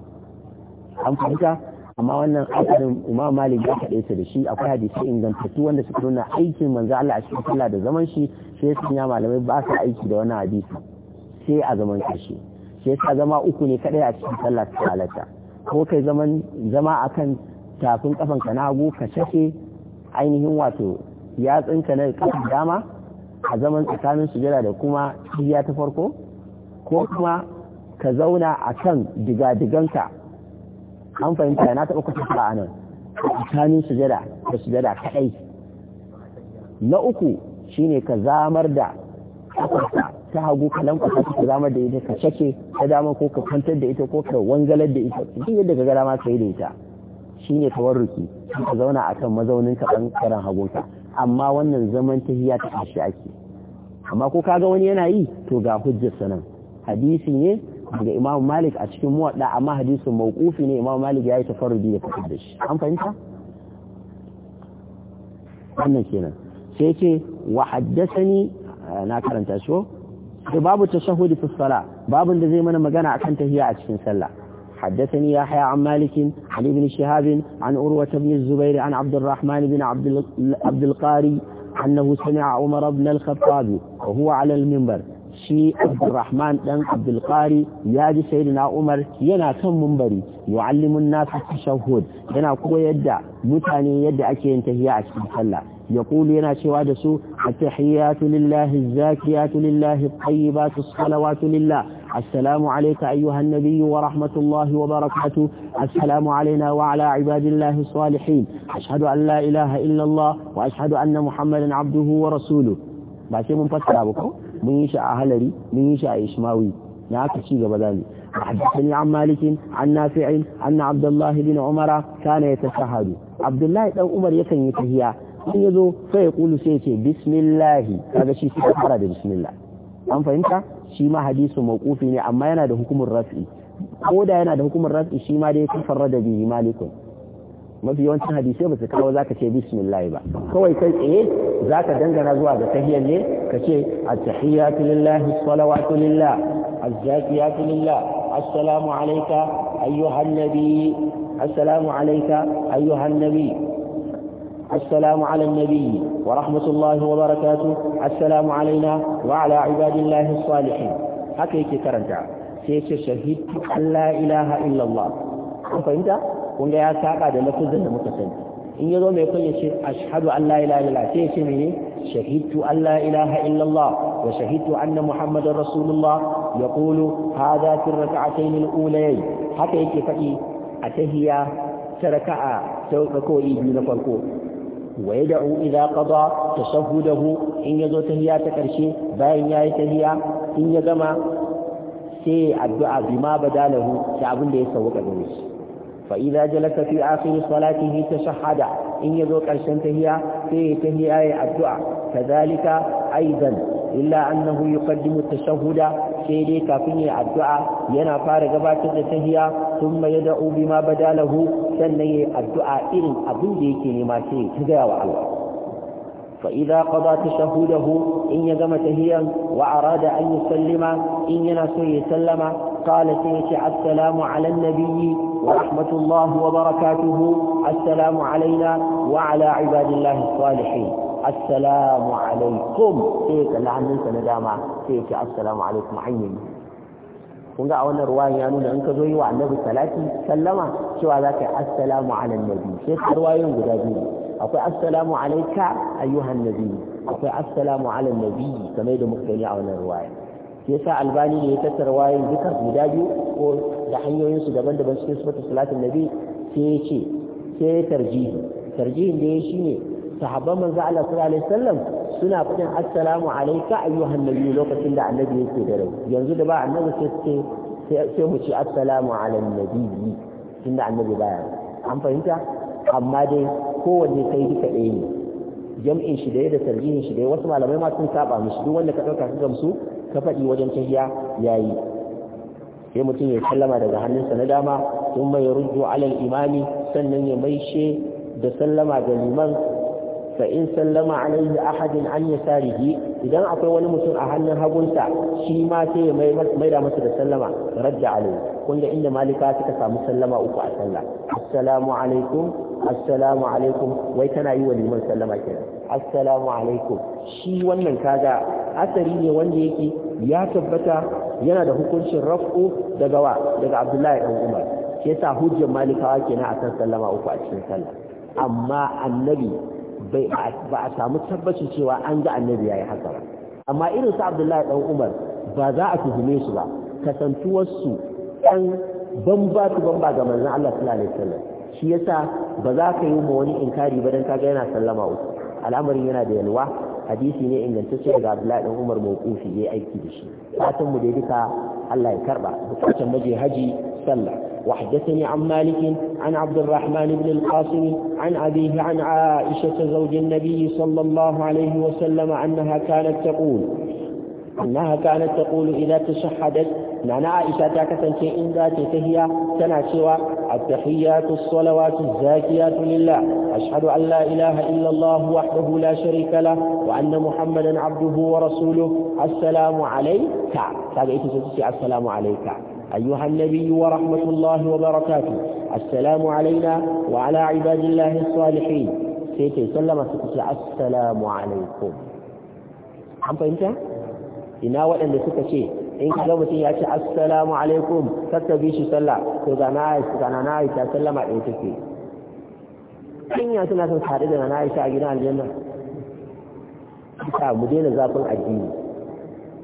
an fahimta amma wannan asalin Umar Malik ya faɗe su da shi akwai hadisi ingantattu wanda suka nuna aikin manzo Allah a cikin sallah da zaman shi sai ya malamai ba su aiki da wani hadisi sai a zaman kashi sai sa zama uku ne kadai a cikin sallah ta halatta ko kai zaman zama akan tafin kafan ka na hagu ka shafe ainihin wato ka na kafin dama a zaman tsakanin sujada da kuma iya ta farko ko kuma ka zauna a kan ka an fahimta na taɓa kuka fara nan. tsakanin sujada da sujada kaɗai na uku shi ne ka zamar da kafarka ta hagu ka lankwasa ka zamar da ita ka cake ta dama ko ka kwantar da ita ko ka wangalar da ita duk yadda ka gara ma ka yi da ita Shi shine tawarruki ka zauna a kan mazaunin ka bangaren hagunka amma wannan zaman tahiya ta kashi ake amma ko kaga wani yana yi to ga hujjar nan. hadisi ne daga imam malik a cikin muwadda amma hadisin mawqufi ne imam malik yayi tafarrudi da fitar da shi an fahimta wannan kenan sai yake wa haddathani na karanta shi sai babu tashahhudi fi sala babun da zai mana magana akan tahiyya a cikin sallah حدثني يحيى عن مالك عن ابن شهاب عن أروة بن الزبير عن عبد الرحمن بن عبد القاري أنه سمع عمر بن الخطاب وهو على المنبر shi Abdulrahman dan Abdulqari ya ji Sayyidina Umar yana kan mumbari yu'allimun nasu tashahhud yana koyar da mutane yadda ake yin tahiyya a cikin sallah يقول لنا شوى دسو التحيات لله الزاكيات لله الطيبات الصلوات لله السلام عليك أيها النبي ورحمة الله وبركاته السلام علينا وعلى عباد الله الصالحين أشهد أن لا إله إلا الله وأشهد أن محمدا عبده ورسوله باشي منفسر أبوكم mun yi shi a halari mun yi shi a ishmawi ya aka ci gaba da ne a an malikin an nafi'in an na abdullahi bin umara kana ya tashahadu abdullahi dan umar yakan yi tahiya in ya zo sai ya kulu sai ce bismillahi kaga shi suka fara da bismillah an fahimta shi ma hadisu mawqufi ne amma yana da hukumar raf'i ko da yana da hukumar raf'i shi ma dai ya kafarra da bihi malikun mafi yawancin hadisai ba su kawo za ka ce bismillah ba kawai kai tsaye za ka dangana zuwa ga tahiyar ne ka ce at-tahiyatu lillahi salawatu lillah az-zakiyatu lillah assalamu alayka ayyuhan nabi assalamu alayka ayyuhan nabi السلام على النبي ورحمة الله وبركاته السلام علينا وعلى عباد الله الصالحين حكيك كرنجا سيك شهدت أن لا إله إلا الله فهمت؟ kun ga ya saba da lafuzin da muka sani in yazo mai kun yace ashhadu an la ilaha illallah sai yace mene shahidtu an la ilaha illallah wa shahidtu anna muhammadar rasulullah yaqulu hadha fi rak'atayn al-ulayn haka yake faɗi a tahiyya ta raka'a ta rakoi biyu na farko wa yad'u idza qada tashahhudahu in yazo tahiyya ta karshe bayan yayi tahiyya in ya gama sai addu'a bima badalahu ta abin da ya sauka gare shi فإذا جلس في آخر صلاته تشهد إن يذوق الشنتهية في تهيئة الدعاء كذلك أيضا إلا أنه يقدم التشهد سيدي كافية الدعاء ينا فارغ باتد تهيئة ثم يدعو بما بدا له سنة الدعاء إن أبن ديكي لما سيدي تدعو الله فإذا قضى تشهده إن يقم تهيا وأراد أن يسلم إن ينسو يسلم قال سيتي السلام على النبي ورحمة الله وبركاته السلام علينا وعلى عباد الله الصالحين السلام عليكم سيك لعن ننسى ندامة سيك السلام عليكم عيني kun ga a wannan ruwayan ya nuna in ka zo yi wa annabi salati sallama cewa za ka yi assalamu ala nabi sai ruwayoyin guda biyu akwai assalamu alaika ayyuhan nabi akwai assalamu ala nabi kamar da muka gani a wannan ruwaya sai sa albani ne ya tattara wayoyin duka guda biyu ko da hanyoyin su daban-daban cikin sifatu salatin nabi sai ya ce sai ya tarjihi tarjihin da ya shine sahabban manzo Allah sallallahu alaihi wasallam suna fadin assalamu alayka ayyuhan nabi lokacin da annabi yake da rai yanzu da ba annabi sai sai sai mu ce assalamu ala nabi tunda annabi baya an fahimta amma dai kowanne sai duka ɗaya ne jam'in shi da da tarjihin shi da wasu malamai ma sun saba musu duk wanda ka ɗauka ka gamsu ka faɗi wajen tahiya yayi sai mutum ya sallama daga hannunsa na dama sun mai rujjo alal imani, sannan ya maishe da sallama ga liman fa in sallama alaihi ahadin an yasarihi idan akwai wani mutum a hannun hagunta. shi ma sai ya maida masa da sallama radda alaihi kun ga inda malika suka samu sallama uku a sallah assalamu alaikum assalamu alaikum wai tana yi wa liman sallama kenan assalamu alaikum shi wannan kaga asari ne wanda yake ya tabbata yana da hukuncin raf'u daga wa daga abdullahi dan umar shi yasa hujjar malikawa kenan akan sallama uku a cikin sallah amma annabi bai ba a samu tabbacin cewa an ga annabi yayi haka ba amma irin su Abdullahi dan Umar ba za a tuhume su ba kasantuwar su ɗan bamba su bamba ga manzon Allah sallallahu alaihi wasallam shi yasa ba za ka yi ma wani inkari ba dan kaga yana sallama uku al'amarin yana da yalwa hadisi ne ingantacce daga Abdullahi dan Umar mawqufi yayi aiki da shi fatan mu dai duka Allah ya karba bukatun maje haji sallah وحدثني عن مالك عن عبد الرحمن بن القاسم عن أبيه عن عائشة زوج النبي صلى الله عليه وسلم أنها كانت تقول أنها كانت تقول إذا تشهدت معنى عائشة تاكتن شيء إن ذات تهيا تنعشوا التحيات الصلوات الزاكيات لله أشهد أن لا إله إلا الله وحده لا شريك له وأن محمدا عبده ورسوله السلام عليك تابعيت ستسي السلام عليك أيها النبي ورحمة الله وبركاته السلام علينا وعلى عباد الله الصالحين سيتي سلم السلام عليكم an fahimta ina waɗanda suka ce in ka ga mutum ya ce assalamu alaikum kakka bi sallah to na aisha sallama ɗaya take hanya suna son haɗu da na a gidan aljanna bisa mu daina zafin addini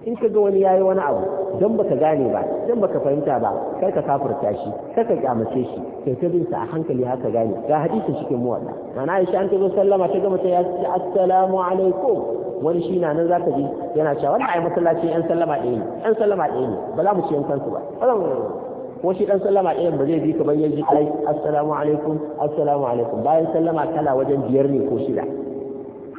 in ka ga wani yayi wani abu don baka gane ba don baka fahimta ba kar ka kafurta shi kar ka kyamace shi kai ka bin sa a hankali haka gane ga hadisin cikin muwadda mana Aisha an ta sallama ta gama ta ya assalamu alaikum wani shi na nan zaka ji yana cewa wannan ai masallaci yan sallama ɗaya ne yan sallama ɗaya ne ba za mu ci yan kansu ba ko shi dan sallama ɗayan ba zai bi ka ban yaji ai assalamu alaikum assalamu alaikum bayan sallama kala wajen biyar ne ko shida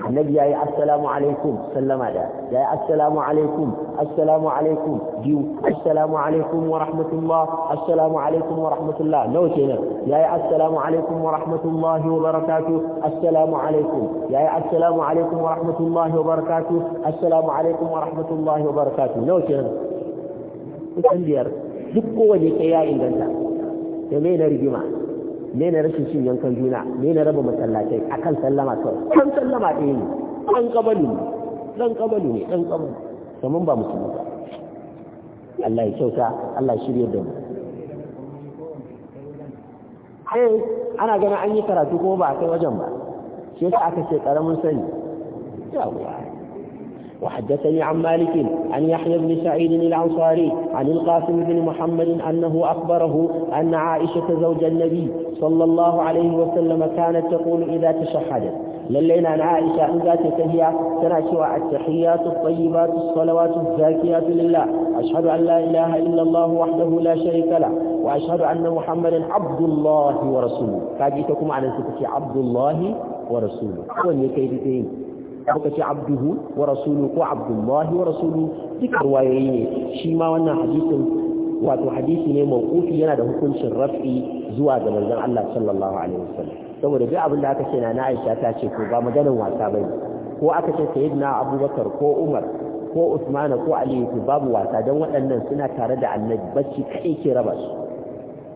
annabi yayi assalamu alaikum sallama da yayi assalamu alaikum assalamu alaikum biyu assalamu alaikum wa rahmatullah assalamu alaikum wa rahmatullah nawa kenan yayi assalamu alaikum wa rahmatullahi wa barakatuh assalamu alaikum yayi assalamu alaikum wa rahmatullahi wa barakatuh assalamu alaikum wa rahmatullahi wa barakatuh nawa kenan kusan biyar duk kowane ke ya inganta da mai na rigima daina rashin cin yankan juna daina raba masallatai akan sallama kawai kan sallama ɗaya ne ɗan kabalu ne ɗan kabalu ne ɗan kabalu mun ba musulmi ba Allah ya kyauta Allah ya shirya da mu eh ana ganin an yi karatu ko ba a kai wajen ba shi yasa aka ce karamin sani yawa وحدثني عن مالك عن يحيى بن سعيد الأنصاري عن القاسم بن محمد أنه أخبره أن عائشة زوج النبي صلى الله عليه وسلم كانت تقول إذا تشهدت للين عن عائشة إن ذات تهيا تنعشوا التحيات الطيبات الصلوات الزاكيات لله أشهد أن لا إله إلا الله وحده لا شريك له وأشهد أن محمدا عبد الله ورسوله فاجئتكم عن سكتي عبد الله ورسوله ومن يكيد kuka ce abduhu wa rasulu ko abdullahi wa rasulu duka ruwayoyi ne shi ma wannan hadisin wato hadisi ne mawqufi yana da hukuncin raf'i zuwa ga manzon Allah sallallahu alaihi wasallam saboda duk abin da aka ce na Aisha ta ce ko ba maganar wasa bane ko aka ce sayyidina Abubakar ko Umar ko Usman ko Ali ko babu wasa dan waɗannan suna tare da Annabi bacci kai ke raba su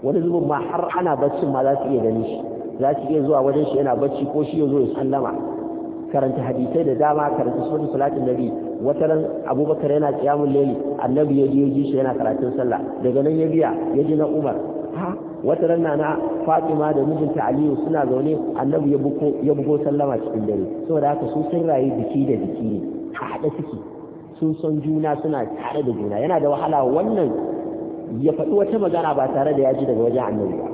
wani zubin ma har ana baccin ma za su iya gani shi za su iya zuwa wajen shi yana bacci ko shi ya zo ya sallama karanta hadisai da dama karanta sunan salatin nabi wata ran abubakar yana kiyamun layli annabi ya ji shi yana karatun sallah daga nan ya biya ya ji na umar ha wata ran na fatima da mijinta aliyu suna zaune annabi ya buko ya buko sallama cikin dare saboda haka su sun rayu biki da biki ne a haɗa sun san juna suna tare da juna yana da wahala wannan ya faɗi wata magana ba tare da ya ji daga wajen annabi ba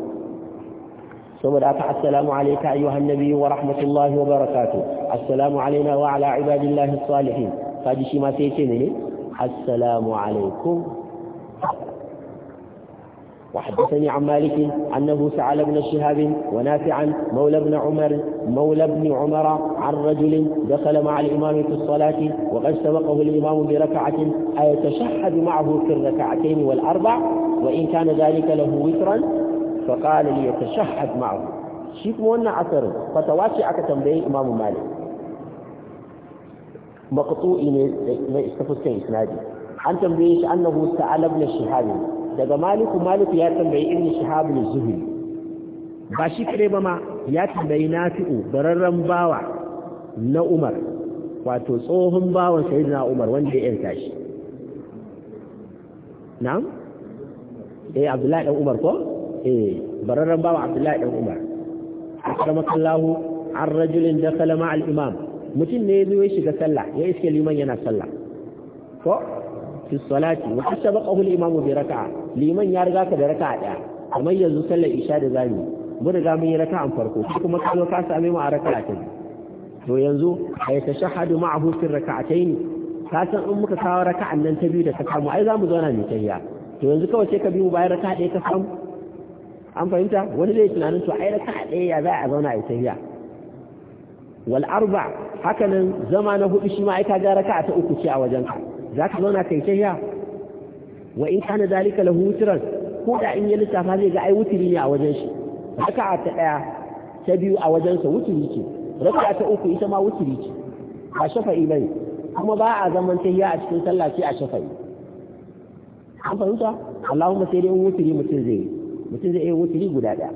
ثم الآخر السلام عليك أيها النبي ورحمة الله وبركاته السلام علينا وعلى عباد الله الصالحين فهذا شيء ما سيتمني السلام عليكم وحدثني عن مالك أنه سعال ابن الشهاب ونافعا مولى ابن عمر مولى ابن عمر عن رجل دخل مع الإمام في الصلاة وقد سبقه الإمام بركعة أي معه في الركعتين والأربع وإن كان ذلك له وكرا فقال لي يتشهد معه shi kuma wannan asarin fatawa ce aka tambayi imamu malik maqtu'i ne na istafuskan isnadi an tambaye shi annahu ta'ala ibn daga maliku maliku ya tambayi ibn shihab az-zuhri ba shi kare ba ma ya tambayi nafi'u bararran bawa na umar wato tsohon bawan sayyidina umar wanda ya yanta shi abdullahi dan umar ko eh bararren bawa abdullahi dan umar akramakallahu an rajulin dakala ma al imam mutum ne yazo ya shiga sallah ya iske liman yana sallah ko fi salati wa sabaqahu al imam bi raka'a liman ya riga ka da raka'a daya kamar yanzu sallar isha da zani mun riga mun yi raka'an farko kuma ka sa ka mu a raka'a ta to yanzu ay tashahadu ma'ahu fi raka'atayn ka san in muka kawo raka'an nan ta biyu da ka samu ai za mu zauna mai tayya to yanzu kawai sai ka bi mu bayan raka'a ɗaya ka samu an fahimta wani zai tunanin to ai raka ɗaya ya za a zauna a tafiya wal arba hakanan zama na hudu shi ma ai kaga raka ta uku ce a wajen ka za ka zauna kai tafiya wa in kana zalika lahu wutran ko da in ya lissafa zai ga ai wutiri ne a wajen shi raka ta ɗaya ta biyu a wajen sa wutiri ce raka ta uku ita ma wutiri ce ba shafa'i bane kuma ba a zaman tafiya a cikin sallah ce a shafa'i an fahimta Allahumma sai dai in wutiri mutum zai yi mutum zai iya wuturi guda ɗaya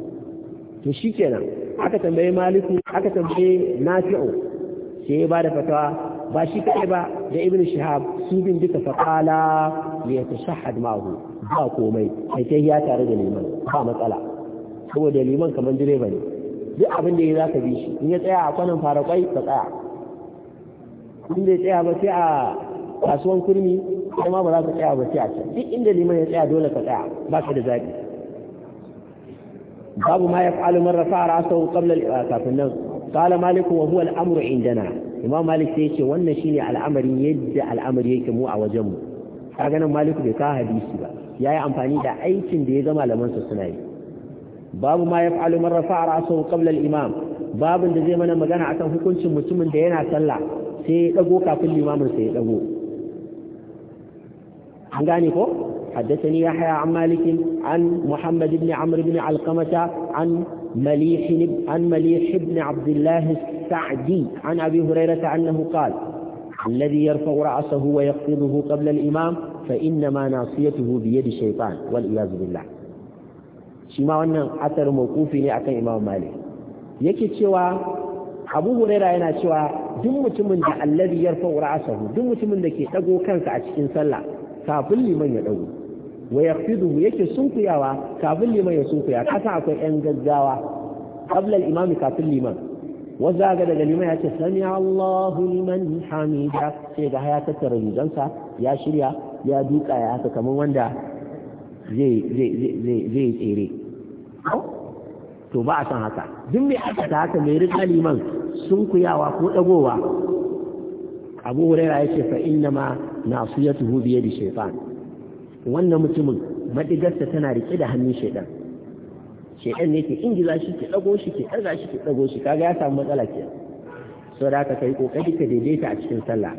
to shi kenan aka tambaye maliku aka tambaye nafi'u sai ya bada fatawa ba shi kaɗai ba da ibn shihab su bin duka faƙala ya ta shahad mahu ba komai sai sai ya tare da liman ba matsala saboda liman kamar direba ne duk abin da ya za ka bi shi in ya tsaya a kwanan fara kwai ka tsaya in bai tsaya ba sai a kasuwan kurmi kuma ba za ka tsaya ba sai a can duk inda liman ya tsaya dole ka tsaya ba ka da zaɓi babu ma yaf'alu man rafa'a ra'sahu qabla al-kafin ah, nan qala malik wa huwa al-amru indana imam malik sai yace wannan shine al'amarin yadda al'amari yake mu a wajen mu kaga nan malik bai ka hadisi ba yayi amfani da aikin da ya ga malaman sa suna yi babu ma yaf'alu man rafa'a ra'sahu qabla al-imam babu da zai mana magana akan hukuncin mutumin da yana sallah sai ya dago kafin limamin sai ya dago an gane ko حدثني يحيى عن مالك عن محمد بن عمرو بن علقمة عن مليح عن مليح بن عبد الله السعدي عن أبي هريرة أنه قال الذي يرفع رأسه ويقفضه قبل الإمام فإنما ناصيته بيد الشيطان والعياذ بالله شما wannan athar maukufi ne akan Imam Malik yake cewa Abu Huraira yana cewa duk mutumin da allazi yarfa'u ra'sahu duk mutumin da ke dago kansa a cikin sallah kafin liman ya dago wa yafiduhu yake sunkuyawa kafin liman ya sunkuya kasa akwai yan gaggawa qabla imami kafin liman wanda ga daga liman ya ce sami Allahu liman hamida sai ga ya tattara rigansa ya shirya ya duka ya haka kamar wanda zai tsere to ba a san haka duk mai aka ta haka mai rika liman sunkuyawa ko dagowa abu hurairah yace fa inna ma na bi da shaytan wannan mutumin madigarsa tana rike da hannun shaidan shaidan ne ke ingiza shi ke dago shi ke daga shi ke dago shi kaga ya samu matsala ke so da ka kai kokari ka daidaita a cikin sallah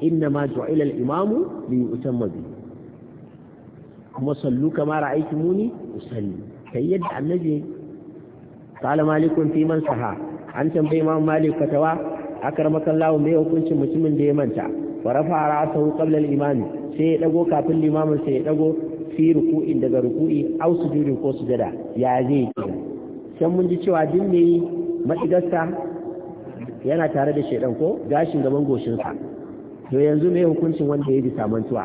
inna ma ju'ila al-imamu li yutamma bi kuma sallu kama muni usalli kai yadda annabi qala malikun fi man saha an tambayi imam malik fatawa akramaka mai hukuncin mutumin da ya manta wa rafa ra'sahu qabla al-imami sai ya dago kafin limamin sai ya dago fi ruku'in daga ruku'i au sujudin ko sujada ya zai ke can mun ji cewa din ne matsigarsa yana tare da shaidan ko gashin gaban goshinsa to yanzu me hukuncin wanda ya samantuwa mantuwa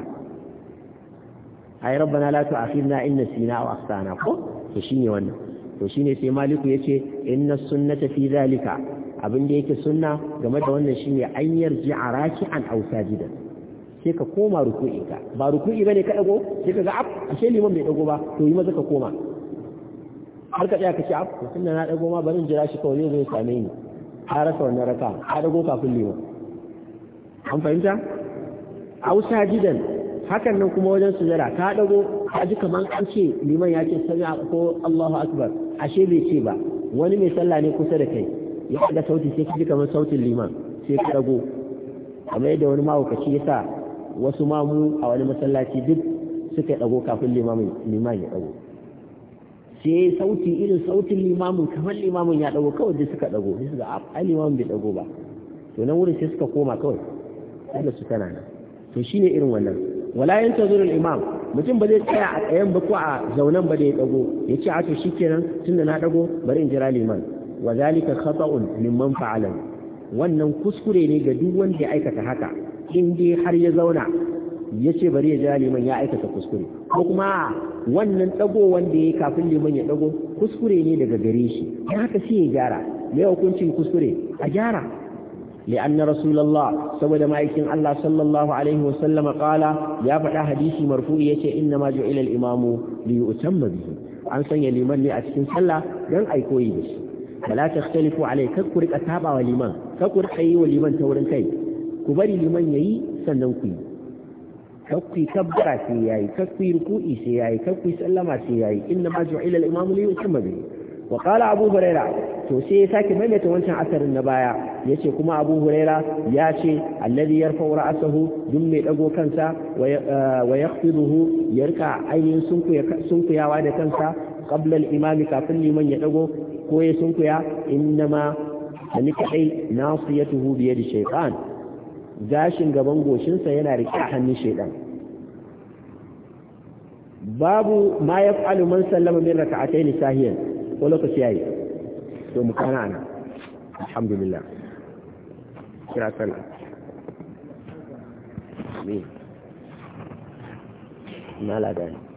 ai rabbana la tu'akhidna in nasina aw akhtana ko to shine wannan to shine sai maliku yace inna sunnata fi zalika abin da yake sunna game da wannan shine an yarji an aw sajidan sai ka koma ruku'inka ka ba ruku'i bane ka dago sai ka ga ab ashe liman bai dago ba to yi maza ka koma har ka tsaya ka ci ab mutum na dago ma barin jira shi kawai zai same ni har rasa wannan raka a dago kafin liman an fahimta hausa gidan hakan nan kuma wajen jira ka dago ka ji kamar an ce liman ya ce sami ko Allahu akbar ashe bai ce ba wani mai sallah ne kusa da kai ya ga sauti sai ka ji kamar sautin liman sai ka dago kamar yadda wani mahaukaci ya sa wasu mamu a wani masallaci duk suka ɗago kafin limamin liman ya ɗago sai sauti irin sautin limamin kamar limamin ya ɗago kawai duk suka ɗago, su suka a limamin bai ɗago ba to nan wurin sai suka koma kawai sai su tana nan to shine irin wannan wala yin tazurin imam mutum ba zai tsaya a tsayen ba ko a zaunan ba da ya ɗago. ya ce a to tun da na ɗago, bari in jira liman wa zalika khata'un mimman fa'alan wannan kuskure ne ga duk wanda ya aikata haka in dai har ya zauna yace bari ya jira liman ya aikata kuskure ko kuma wannan dago wanda ya yi kafin liman ya dago kuskure ne daga gare shi don haka sai ya gyara mai hukuncin kuskure a gyara لأن رسول saboda سود allah يكن الله صلى الله عليه وسلم قال يا فدا حديثي مرفوع يتي إنما جعل الإمام ليؤتم به an sanya liman ne a cikin sallah don ai koyi da shi wala takhtalifu alai kakkurik ataba wa liman kakkurik yi wa liman taurin kai ku bari liman yayi sannan ku yi kakku kabbara sai yayi kakku ruku'i sai yayi kakku sallama sai yayi inna ma ju'ila al-imam li yutimma bihi wa qala abu huraira to sai ya sake maimaita wancan asarin na baya yace kuma abu huraira ya ce alladhi yarfa'u ra'sahu dun mai dago kansa wa eh, yakhfiduhu yarka ainihin sunkuyawa da kansa qabla al-imam kafin liman ya dago ko ya sunkuya innama da ni kadai nasiyatuhu biye da shaytan gashin gaban goshinsa yana riƙe a hannun shaidan babu ma ya fa'alu man sallama min raka'atai ni sahiyan ko lokaci yayi to mu kana ana alhamdulillah kira sallah amin na ladani